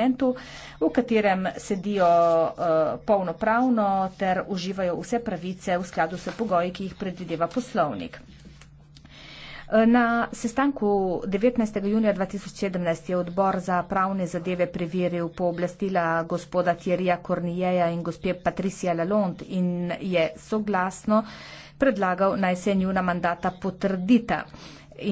parlamentu, v katerem sedijo uh, polnopravno ter uživajo vse pravice v skladu s pogoji, ki jih predvideva poslovnik. Eh, na sestanku 19. junija 2017 je odbor za pravne zadeve preveril pooblastila gospoda Tjerija Kornijeja in gospe Patricija Lalond in je soglasno predlagal naj se njuna mandata potrdita.